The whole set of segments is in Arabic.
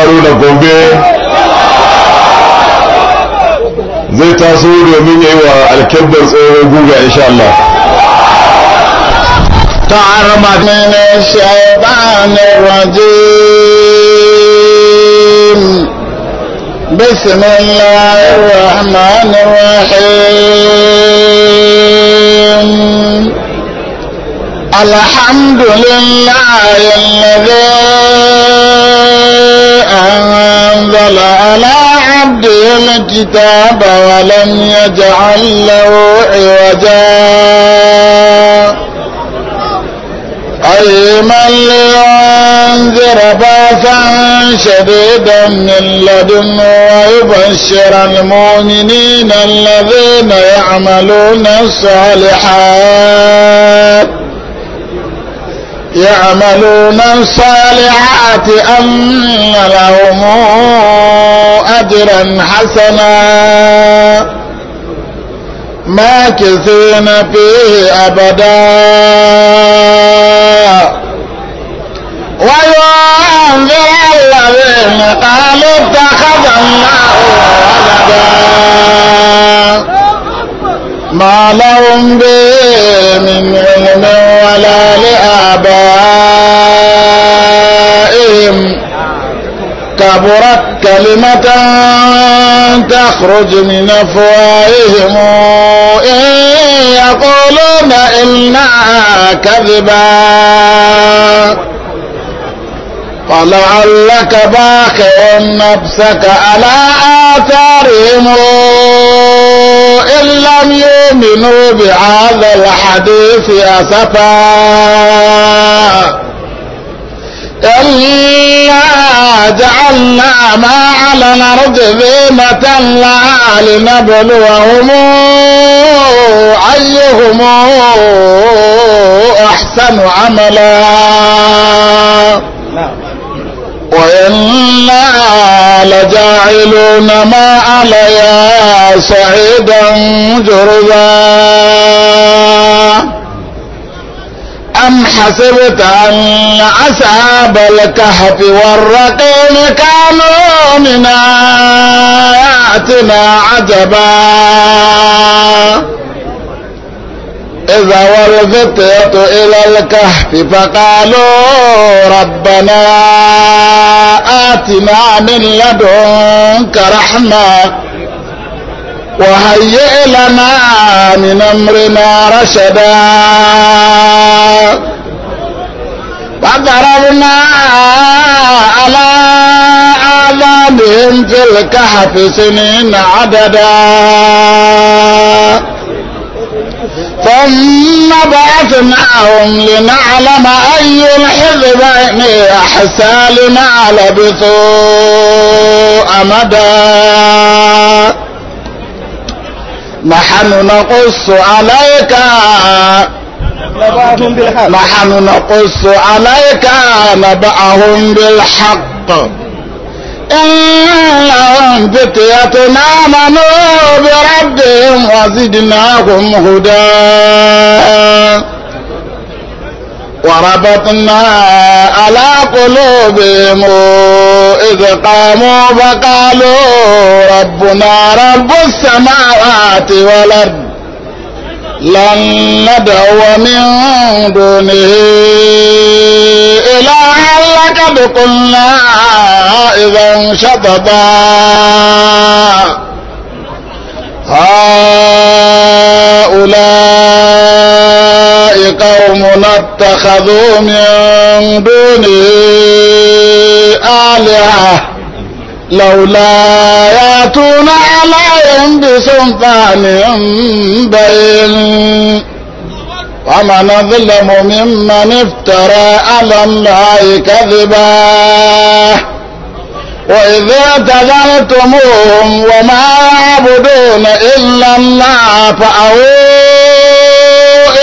haruna gombe zai taso domin ya yi wa alkebbar tsoron guga insha Allah تعرف من الشيطان الرجيم بسم الله الرحمن الرحيم الحمد لله الذي أنزل على عبده الكتاب ولم يجعل له عوجا قيما لينذر بأسا شديدا من لدن ويبشر المؤمنين الذين يعملون الصالحات يعملون الصالحات أن لهم أجرا حسنا ماكثين فيه أبدا وينذر الذين قالوا اتخذ الله ولدا ما لهم به من علم ولا لأهل كبرت كلمة تخرج من أفواههم إيه إن يقولون إلا كذبا فلعلك باخع نفسك على آثارهم إن لم يؤمنوا بهذا الحديث أسفا إنا جعلنا ما على الأرض ذمة لها لنبلوهم أيهم أحسن عملا وإنا لجاعلون ما عليها صعيدا جرذا أم حسبت أن أصحاب الكهف والرقيم كانوا من آياتنا عجبا إذا والفتية إلى الكهف فقالوا ربنا آتنا من لدنك رحمة وهيئ لنا من أمرنا رشدا وضربنا على آذانهم في الكهف سنين عددا ثم بعثناهم لنعلم أي الحزبين أحسى لما لبثوا أمدا نحن نقص عليك نحن نقص عليك نبأهم بالحق إنهم فتية آمنوا بربهم وزدناهم هدى وربطنا على قلوبهم إذ قاموا فقالوا ربنا رب السماوات والأرض لن ندعو من دونه إلها لقد قلنا إذا شططا هؤلاء قومنا اتخذوا من دونه آلهة لولا يأتون عليهم بسلطان بين ومن ظلم ممن افترى على الله كذبا وإذ اعتذرتموهم وما يعبدون إلا الله فأووا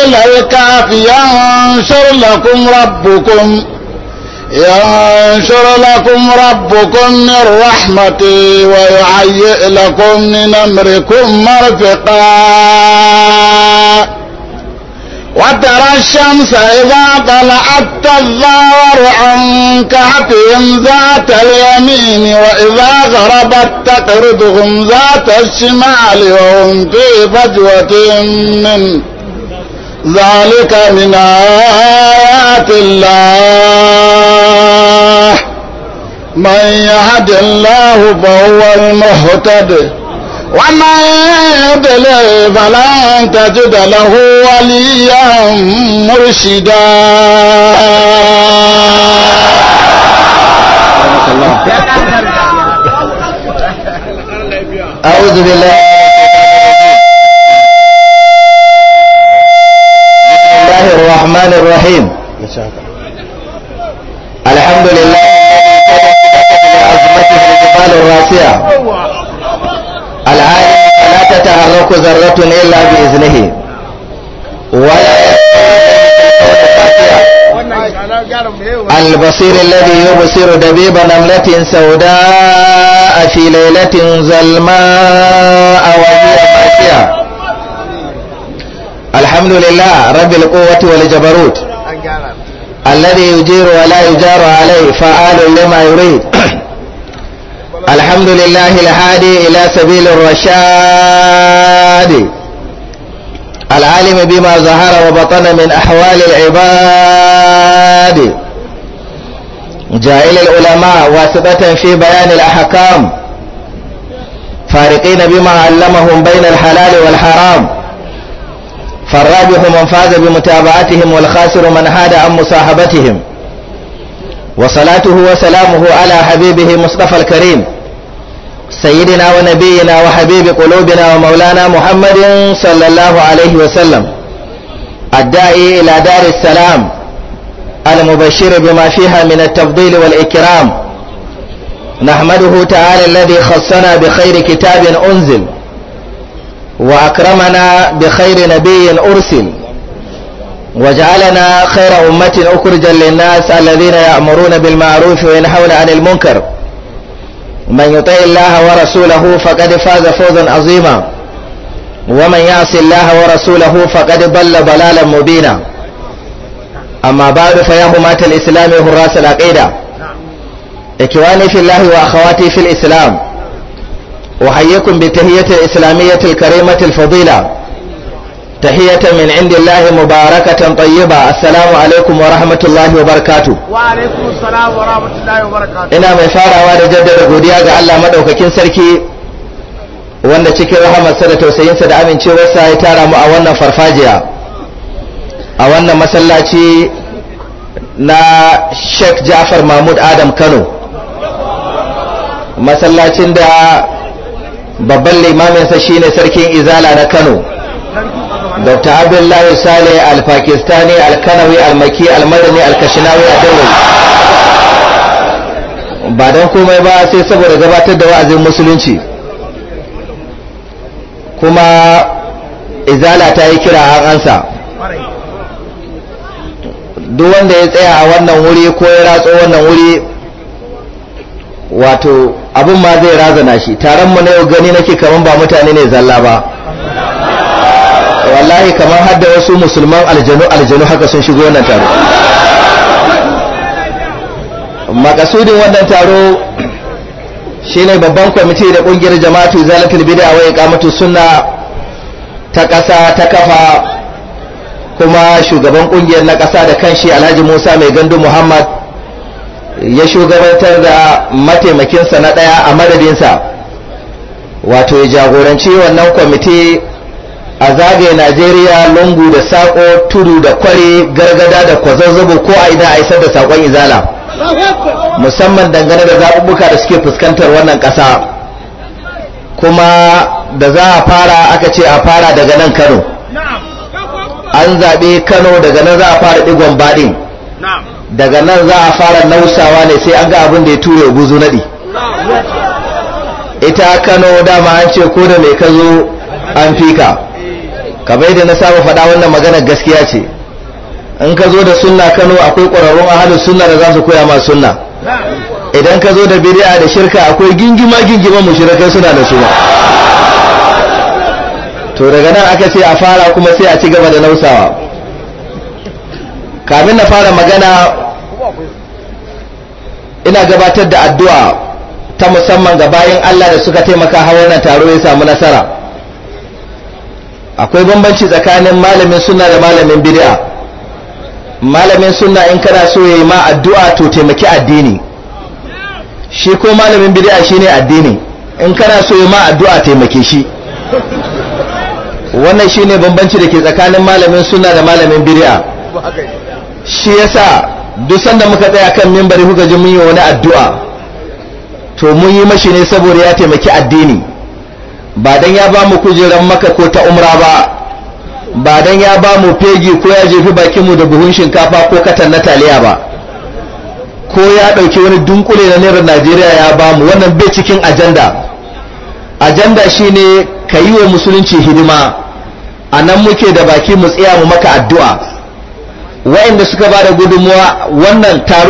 إلى الكهف ينشر لكم ربكم ينشر لكم ربكم من رحمته ويعيئ لكم من أمركم مرفقا وترى الشمس إذا طلعت تظاهر عن كهفهم ذات اليمين وإذا غربت تقرضهم ذات الشمال وهم في فجوة من ذلك من آيات الله من يهد الله فهو المهتد ومن يضلل فلن تجد له وليا مرشدا أعوذ بالله بسم الله الرحمن الرحيم تملك ذرة إلا بإذنه ولا البصير الذي يبصر دبيب نملة سوداء في ليلة ظلماء وهي ماشية الحمد لله رب القوة والجبروت الذي يجير ولا يجار عليه فعال لما يريد الحمد لله الهادي إلى سبيل الرشاد العالم بما ظهر وبطن من أحوال العباد جائل العلماء واسطة في بيان الأحكام فارقين بما علمهم بين الحلال والحرام فالراجح من فاز بمتابعتهم والخاسر من هاد عن مصاحبتهم وصلاته وسلامه على حبيبه مصطفى الكريم سيدنا ونبينا وحبيب قلوبنا ومولانا محمد صلى الله عليه وسلم الداعي إلى دار السلام المبشر بما فيها من التفضيل والإكرام نحمده تعالى الذي خصنا بخير كتاب أنزل وأكرمنا بخير نبي أرسل وجعلنا خير أمة أخرجا للناس الذين يأمرون بالمعروف وينهون عن المنكر من يطع الله ورسوله فقد فاز فوزا عظيما ومن يعص الله ورسوله فقد ضل ضلالا مبينا أما بعد فيا همة الإسلام هراس العقيدة إخواني في الله وأخواتي في الإسلام أحييكم بتهية الإسلامية الكريمة الفضيلة تحية من عند الله مباركة طيبة السلام عليكم ورحمة الله وبركاته وعليكم السلام ورحمة الله وبركاته إنا من فارع وانا جدد قوديا قال مدعوك كين سركي وانا تكي رحمة سنة وسيين سد عمين چي وسا يتارا مؤونا فرفاجيا أولا مسلاتي نا شك جعفر محمود آدم كانوا masallacin da babban limaminsa shine sarkin إزالة نا كانو dr abdullahi sale al-pakistani al-kanawi al-maki al-madani al-kashinawi al-dawai ba don komai ba sai saboda gabatar da wa'azin musulunci kuma izala ta yi kira an ansa duk wanda ya tsaya a wannan wuri ko ya ratso wannan wuri wato abin ma zai razana shi taron mu na yau gani nake kamar ba mutane ne zalla ba wallahi kamar hadda wasu musulman aljanu aljanu haka sun shigo wannan taro makasudin wannan taro shine babban kwamiti da kungiyar jama'atu zalatul bid'a wa iqamatu sunna ta kasa ta kafa kuma shugaban kungiyar na kasa da kanshi Alhaji Musa Mai Gandu Muhammad ya shugabantar da mataimakinsa na daya a madadinsa wato ya jagoranci wannan kwamiti a zagaye najeriya lungu da sako tudu da kware gargada da kwazazzabo ko a ina a isar da sakon izala musamman dangane da zaɓuɓɓuka da suke fuskantar wannan ƙasa kuma da za a fara aka ce a fara daga nan kano an zaɓe kano daga nan za a fara digon baɗin daga nan za a fara nausawa ne sai an ga abin da ya ture guzu naɗi ita kano dama an ce ko da mai kazo an fika kabai da na saba faɗa wannan magana gaskiya ce in ka zo da sunna Kano akwai ƙwararrun ahalin sunna da za su koya ma sunna idan ka zo da bid'a da shirka akwai gingima gingima mushrikai suna da suna to daga nan aka ce a fara kuma sai a ci gaba da nausawa kamin na fara magana ina gabatar da addu'a ta musamman ga bayan Allah da suka taimaka hawa wannan taro ya samu nasara akwai bambanci tsakanin malamin suna da malamin bid'a malamin suna in kana so yayi ma addu'a to taimaki addini shi ko malamin bid'a shine addini in kana so yayi ma addu'a taimake shi wannan shine bambanci da ke tsakanin malamin suna da malamin bid'a shi yasa duk sanda muka tsaya kan mimbari kuka ji mun yi wani addu'a to mun yi mashi ne saboda ya taimaki addini ba dan ya ba mu kujeran maka ko ta umra ba ba dan ya ba mu fegi ko ya jefi bakinmu da buhun shinkafa ko katan na taliya ba ko ya ɗauki wani dunkule na nerar najeriya ya ba mu wannan bai cikin ajanda ajanda shine ka yi wa musulunci hidima a nan muke da baki mu tsaya mu maka addu'a wa'inda suka ba da gudunmuwa wannan taro